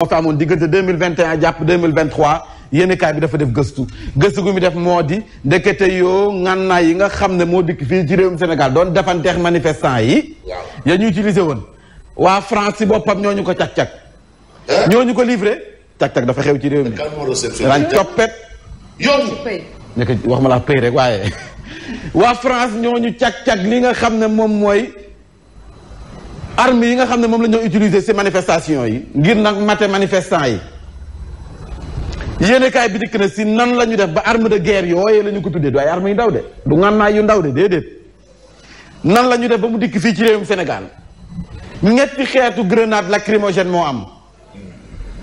moo fi amoon diggante deux mille vingt et un jàpp deux mille vingt bi dafa def gëstu gëstu gu mu def moo di ndekete yoo ngànnaay yi nga xam ne moo dikk fii ci réewum Sénégal doon defanteex manifestant yi. ya ñu utilisé woon. waa France si boppam ñoo ñu ko càq-càq. Eh? ñoo ñu ko livré càq-càq dafa xew ci réew mi. dañ toppet yoon. nekk wax ma la pay rek waaye. waa France ñooñu ñu càq li nga xam ne moom mooy. arme yi nga xam ne moom lañoo ñoo utiliser ci manifestation yi ngir nag mate manifestant yi yéene bi dikk na ci nan la ñu def ba arme de guerre yooyu la ñu ko tuddee du ay arme yu ndaw de du ngànnaay yu ndaw de déedéet nan la ñu def ba mu dikk fii ci réewum Sénégal ñetti xeetu grenade lacrymogène moo am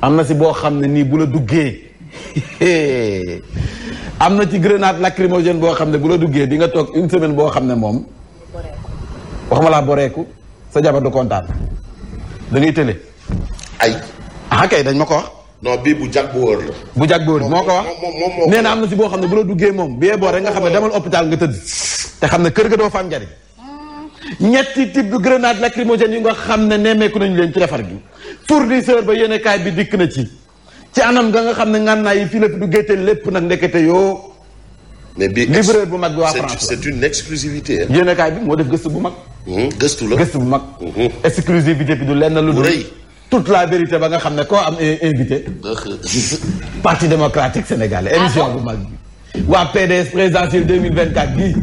am na si boo xam ne nii bu la duggee am na ci grenade lacrymogène boo xam ne bu la duggee di nga toog une semaine boo xam ne moom waxuma laa boreeku sa jabar du kontaan da ngay tële. ay. ah kay dañ ma ko wax. non bii bu jag bu wóor la. bu moo ko wax nee na am na si boo xam ne bu la duggee moom bee boo rek nga xam ne demal hôpital nga tëdd. te xam ne kër ga doo fa am njariñ. ñetti type de grenade lacrymogène yu nga xam ne nemmeeku nañu leen ci defar gi. fournisseur ba yéenekaay bi dikk na ci. ci anam nga nga xam ne ngànnaay yi fii fi du géttee lépp na ndekete yoo. mais bii bu mag bi waa France la c'est une exclusivité. yéenekaay bi moo e gëstu bu mag. Hmm, gëstu la gëstu bu mag. Hmm. exclusivité bi du lenn lu dul. toute la vérité ba nga xam ne koo am invité. parti démocratique sénégalais ah émission bu mag bi. waa PDS présidentielle 2024 bii.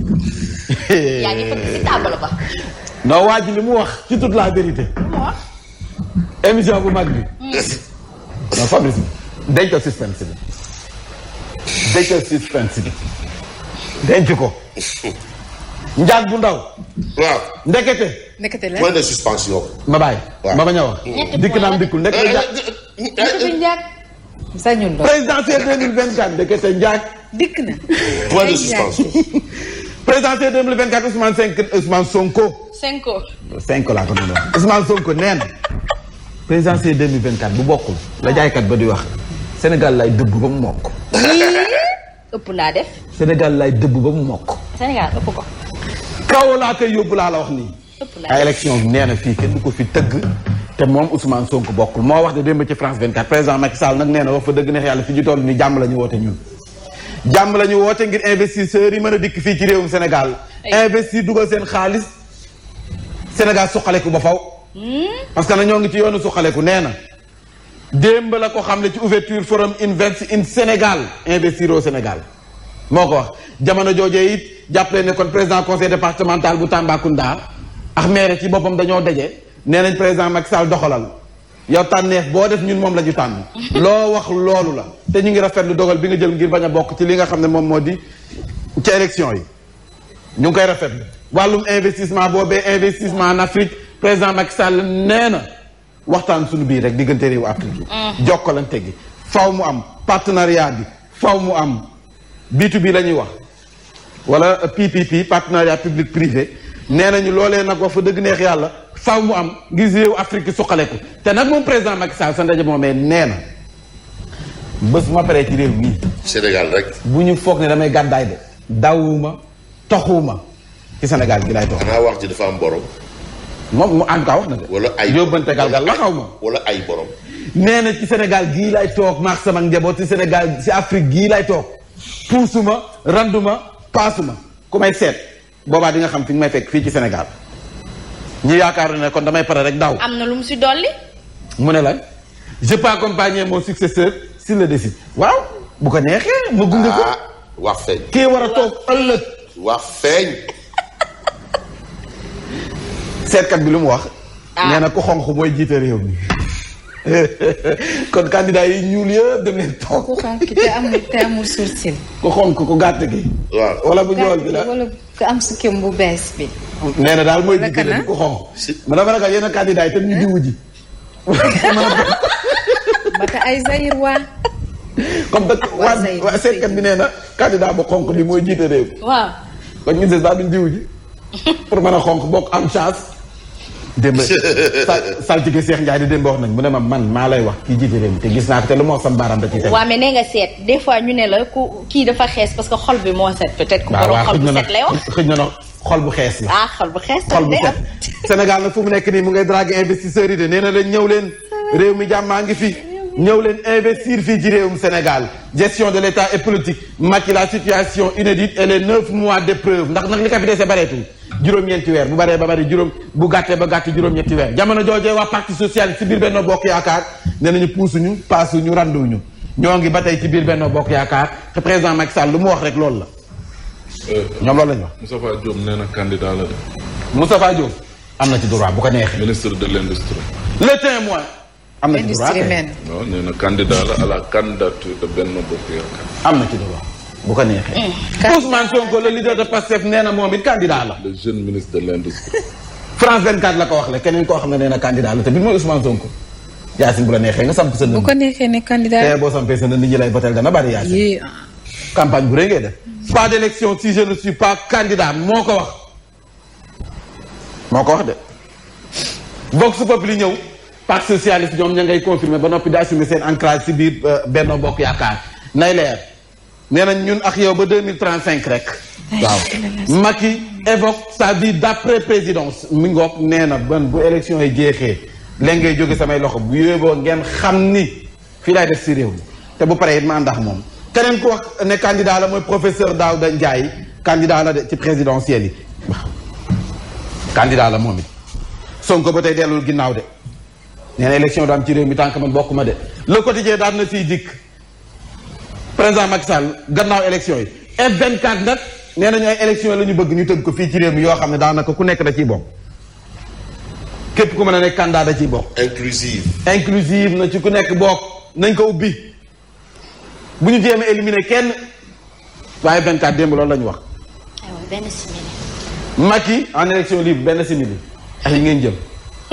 yaa ngi fëgg ci non waa ji li mu wax ci toute la vérité. émission bu mag bi. Hmm. non Fabrice denc suspense bi. denc ko. njaag bu ndaw. waaw ndekete. ndekete la point de suspension. ma bàyyi. waaw ma bañ a wax. dikk dikkul ndekete eh, eh, njaag. ndekete njaag. sañul doon présidentielle deux mille vingt quatre ndekete njaag. dikk na. point de suspension. vingt quatre Ousmane Senk Ousmane Sonko. Senko. Senko laa ko doon wax Ousmane Sonko nee na. présidentielle deux vingt quatre bu bokkul. la jaaykat ba di wax Sénégal lay dugg ba mu ëpp naa def. Sénégal laay dëbb ba mu mokk. Sénégal ko. kaw laa koy yóbbu laa la wax nii. ëpp naa def nee fii kenn du ko fi tëgg. te moom Ousmane Sonko bokkul moo wax ne démb ci France 24 président Macky Sall nag nee na wax fa dëgg neex yàlla fi ñu toll nii jàmm la ñu woote ñun. jàmm la ñu woote ngir investisseurs yi mën a dikk fii ci réewum Sénégal. investi dugal seen xaalis Sénégal suqaleku ba faw. Hmm? parce que na ñoo ngi ci yoonu suqaleku nee na. démb la ko xam ne ci ouverture forum invest in Sénégal investir au Sénégal moo ko wax jamono joojee it jàppale ne kon président conseil départemental bu Tambacounda ak maire ci boppam dañoo daje nee nañ président Macky Sall doxalal yow tànneef boo def ñun moom la ñu tànn loo wax loolu la te ñu ngi rafetlu dogal bi nga jël ngir bañ a bokk ci li nga xam ne moom moo di ci élection yi ñu ngi koy rafetlu wàllum investissement boobee investissement en Afrique président Macky Sall nee na waxtaan suñu biir rek diggante réewu Afrique yi. Mm. jokkalante gi faw mu am partenariat bi faw mu am b 2 lañuy la ñuy wax wala PPP partenariat public privé nee nañu loolee nag wax fa dëgg neex yàlla faw mu am ngir réewu Afrique yi suqaleku te nag moom président Macky Sall sa ndaje moomee nee na bés ma paree ci réew bii. Sénégal rek. bu ñu foog ne damay gàddaay de. dawuma taxuma ci Sénégal gi laay toog. xanaa wax ji dafa am borom. moom mu en wax na de. wala ay yóbbante galgal la xaw ma. wala ay borom. nee na ci Sénégal gii lay toog maax sama njaboot ci Sénégal ci Afrique gii lay toog puusuma randuma paasuma ku may seet boobaa di nga xam fi nga may fekk fii ci Sénégal ñu yaakaar ne kon damay pare rek daaw. am na lu mu si dolli. mu ne la je peux accompagner mon successeur s'il le décide waaw bu ko neexee. mu gunge ko ah, wax war a toog ëllëg. wax feeñ. seetkat bi lu mu wax. Ah. nee na ku xonq mooy jiite réew kon candidat yi ñuul yëpp dem leen toog. ku xonq te amul te amul sursil. ku xonq ku gàtt gi. waaw wala bu ñool bi la bu bees bi. nee na daal mooy jiite ku xonq. ma dama ragal yenn candidat yi tam ñu diwu ji. ba te ay Zahir waa. comme que waa waa seetkat bi nee na candidat bu xonq bi mooy jiite réew. kon ñu des daal duñ diwu ji. pour mën a xonq bokk am chance. démb saltige Cheikh Ndiaye di démb wax nañ mu ne ma man maa lay wax kii jiite réew te gis naa ko te lu ma wax sama baaraam da ci teg. mais nee nga seet des fois ñu ne la ku kii dafa xees parce que xol bi moo set. peut-être ku borom xol bu set lay wax xëj na nag xol bu xees la. ah xol bu xees xol bu nekk nii mu ngay drague nee na leen ñëw leen ah. réew mi jàmm maa ngi fi. ñëw leen investir fii ci réewum Sénégal gestion de l'état et politique Macky la situation inédite et les neuf mois d'épreuve ndax nag li ko fi dese bareetul juróom-ñeenti weer bu baree ba bari juróom bu gàttee ba gàtt juróom-ñeenti weer jamono joojee waa parti socialiste ci biir Benno Bokk Yaakaar ne nañu puusuñu paasuñu randuñu ñoo ngi ba tey ci biir Benno Bokk Yaakaar te président Macky Sall lu mu wax rek loolu la euh, ñoom loolu la ñu wax Moustapha Diop nee na candidat la de Moustapha Diop am na ci droit bu ko neexee ministre de l'industrie le am na ci droit la am na ci droit bu ko neexee. Mm, Ousmane Sonko le leader de Pastef nee na moom it candidat la. le ko wax la keneen koo xam ne nee na candidat la te bi mooy Ousmane Sonko. Yacine bu la neexee nga samp sa dënn. bu ko neexee ne candidat la boo sampee sa dënn nit ñi dana bari Yacine. campagne bu rëy ngay pas d' élection si je ne suis pas candidat moo ko wax. moo ko wax de. Vox Populi ñëw. parti socialiste ñoom ña ngay confirmer ba noppi di assumer seen ancrage si biir euh, Benno Bokk Yaakaar nay leer nee nañ ñun ak yow ba deux mille trente cinq rek. waaw Macky évoque sa vie d'après présidence mi ngoog nee na ban bu élection yi jeexee léegi ngay jóge samay loxo bu yóbboo ngeen xam ni fii laay def si réew mi te bu paree it ma ndax moom. keneen ku wax ne candidat la mooy professeur Daouda Ndiaye candidat la de ci présidentielle yi waaw candidat la moom it Sonko ba tey dellul ginnaaw de. nee na élection du am ci réew mi tànk ma bokk ma de ko quotidien daan na siy dikk président Macky Sall gannaaw élection yi F24 nag nee nañu ay élection la ñu bëgg ñu tëgg ko fii ci réew mi yoo xam ne daanaka ku nekk da ciy bokk képp ku mën ne nekk candidat da ciy bokk. inclusive. inclusive na ci ku nekk bokk nañ ko ubbi bu ñu jéem a éliminer kenn waaye F24 démb lool lañu wax. waaw yi simili. Macky en élection libre benn simili ay ngeen jëm.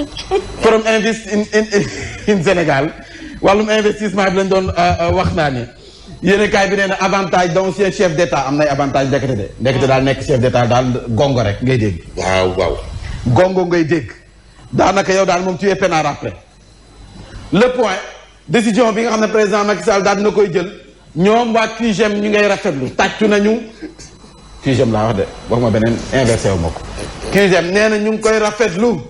forum invest in in Sénégal wàllum investissement bi lañ doon euh, euh, wax naa ne yéen kaay bi nee na avantage d'ancien chef d'état am nay avantage ndekete de ndekete daal nekk chef d'état daal gongo rek ngay dégg. waaw waaw. gongo ngay dégg daanaka yow daal moom tu es peinard après le point décision bi nga xam ne président Macky Sall daal dina koy jël ñoom waa QGM ñu ngay rafetlu tàccu nañu. QGM laa wax de waxuma beneen inversé wu ma ko. QGM nee ñu ngi koy rafetlu.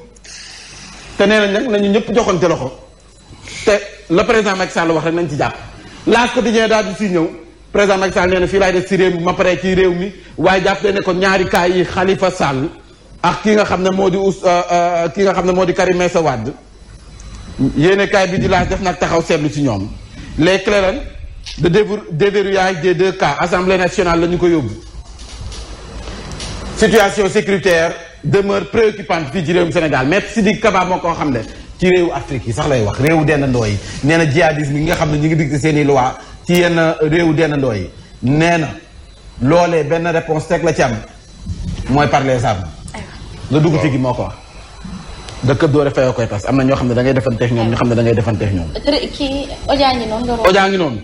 te nee nañ nag nañu ñëpp joxante loxo te le président Macky Sall wax rek nañ ci jàpp laas quotidien daal di siy ñëw président Macky Sall nee na fii laay def si réew mi ma paree ci réew mi waaye jàpp ne ko ñaari cas yi Khalifa Sall ak ki nga xam ne moo di us euh, euh, ki nga xam ne moo di Karim Meïssa Wade yéene kaay bi di laas def nag taxaw seetlu ci ñoom les clairons de déverrouillage des deux cas assemblée nationale la ñu ko yóbbu situation sécuritaire demeure préoccupante fii ci réewum Sénégal maître Sidiki Kaba moo koo xam ne ci réewu Afrique yi sax lay wax réewu dendandoo yi nee na djihadisme yi nga xam ne ñu ngi dicté seen i loi ci yenn euh, réewu dendandoo yi nee na loolee benn réponse teg la ci am mooy par les armes nga dugg ci gi moo ko wax dëkk doore fayoo koy tas am na ñoo xam ne da ngay defanteex ñoom ñoo xam ne da ngay defanteex ñoom kii ojaa ngi noonu ojaa ngi noonu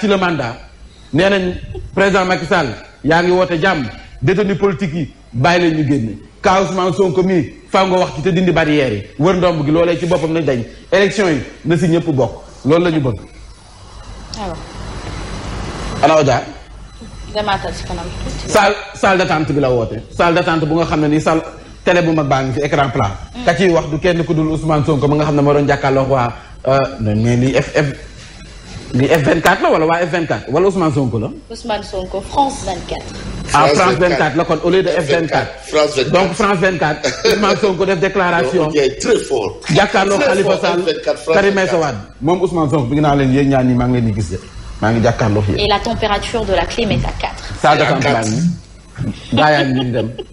ci le mandat nee nañ président Macky Sall yaa ngi woote jàmm détenu politique bàyyi leen ñu génne kaa Ousmane Sonko mii faaw nga wax ci te dindi barrière yi wër ndomb gi loolee ci boppam na dañ élection yi na si ñëpp bokk loolu la ñu bëgg. alors. ana Oja. demaatal si bi la woote. salle d'attente bu nga xam ne nii salle télé bu mag baa ngi fi écran plat. Hmm. ka ciy wax du kenn ku dul Ousmane Sonko ma nga xam ne ma doon jàkkaarloo waa euh, mais lii FF lii F24 la wala waa F24 wala Ousmane Sonko la. ah France 24 la kon au lieu de f donc France 24. Ousmane Sonko def déclaration. très fort. jàkkaarloo Khalifa Sall Karim Meïssa Wade moom Ousmane Sonko bi nga naa leen yéen ñaan ñi maa ngi leen di gis de maa ngi jàkkaarloo yéen. et la température de la clim à 4. salle de campagne bi gaa yaa ngi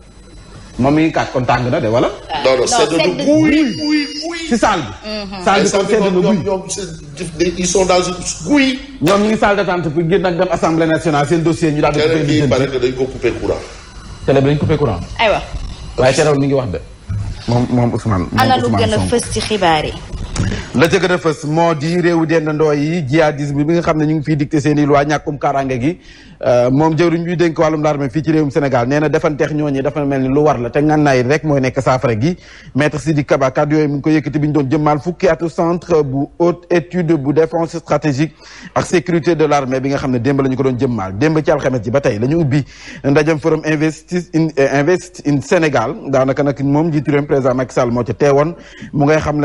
moom mi ngi kaas kon tàng na de wala. non non mhm. sedd na guy guy guy. si saal bi. saal bi kon sedd na guy ñoom ils sont dans une guy. ñoom ñu ngi salle d'attente pour génn ak dem assemblée nationale seen dossier ñu daal di. coupé bi pare que dañ ko coupé courant. télé bi dañ coupé courant. aywa waaye terewul mi ngi wax de. moom moom Ousmane. moom Ousmane ana lu gën a fës ci xibaar yi. la ca gën a fës moo di réewu dendandoo yi jihadisme bi nga xam ne ñu ngi fiy dicté seen i loi ñàkkum kaaraange gi euh, moom jëwriñ bi dénk wàllum l'armée fii ci réewum Sénégal nee na defanteex ñooñi dafa mel ni lu war la te ngànnaay rek mooy nekk saafara gi maître Sidiki Kaba kàddu yooyu mu ngi ko yëkkati bi ñu doon jëmmaal fukki nga xam ne démb la ñu ko doon jëmmaal démb ci alxames ji ba tey la ñu ubbi ndajam forum investi euh, invest in Sénégal daanaka nag moom njiitu réew président Macky Sall moo ca teewoon mu ngay xam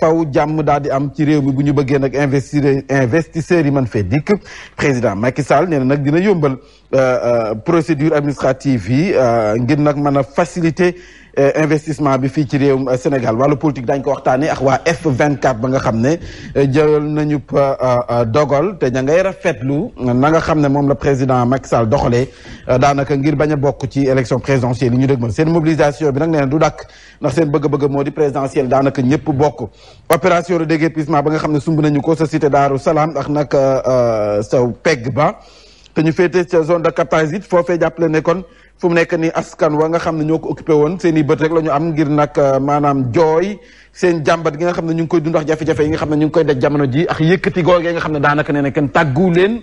faw jàmm daal di am ci réew mi bu ñu bëggee nag investir investisseurs yi man fee dikk président Macky Sall nee nag dina yombal euh, euh, procédure administrative yi euh, ngir nag mën a faciliter Euh, investissement bi fii ci réewum euh, Sénégal wàllu politique daañ ko waxtaanee ak waa F24 ba nga xam ne euh, jël nañu dogal te ña ngay rafetlu na nga xam ne moom la président Macky Sall doxalee daanaka ngir bañ a bokk ci élection présidentielle yi ñu dëgmal seen mobilisation bi nag nee du dakk ndax seen bëgg-bëgg moo di présidentielle daanaka ñëpp bokk opération de déguerpissement ba nga xam ne sumb nañu ko sa cité Daaru Salaam ak nag sa pegg ba te ñu féete zone de captage it jàppale ne kon fu mu nekk ni askan wa nga xam ne ñoo ko occupé woon seeni bët rek la ñu am ngir nag euh, maanaam jooy seen jàmbat gi nga xam ne ñu ngi koy dund ak jafe-jafe yi nga xam ne ñu ngi koy daj jamono ji ak yëkkati googee nga xam ne daanaka nee na kenn tàggu leen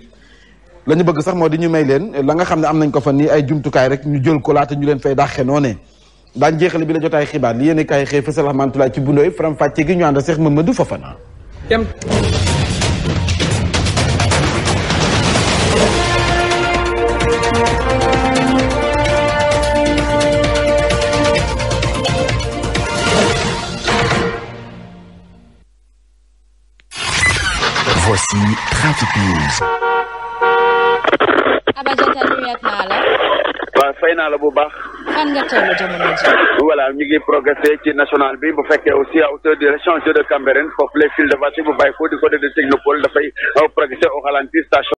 la ñu bëgg sax moo di ñu may leen la nga xam ne am nañ ko fa ni ay jumtukaay rek ñu jël ko laata ñu leen fay dàqe noo ne daan jeexale bi la jotaay xibaar li yéen i kaay xëy fasal xamantulaay ci bundoy faram fàcce gi ñu ànd a Seex Mamadou Fofana Voici Trafic News. Ababacar naa la. bu baax. fan nga toll jamono ji. ci national bi bu fekkee aussi à hauteur de l'échange de Cambérène foofu les files de voiture bu bàyyi ko du côté de Technopole dafay progressé au ralenti station.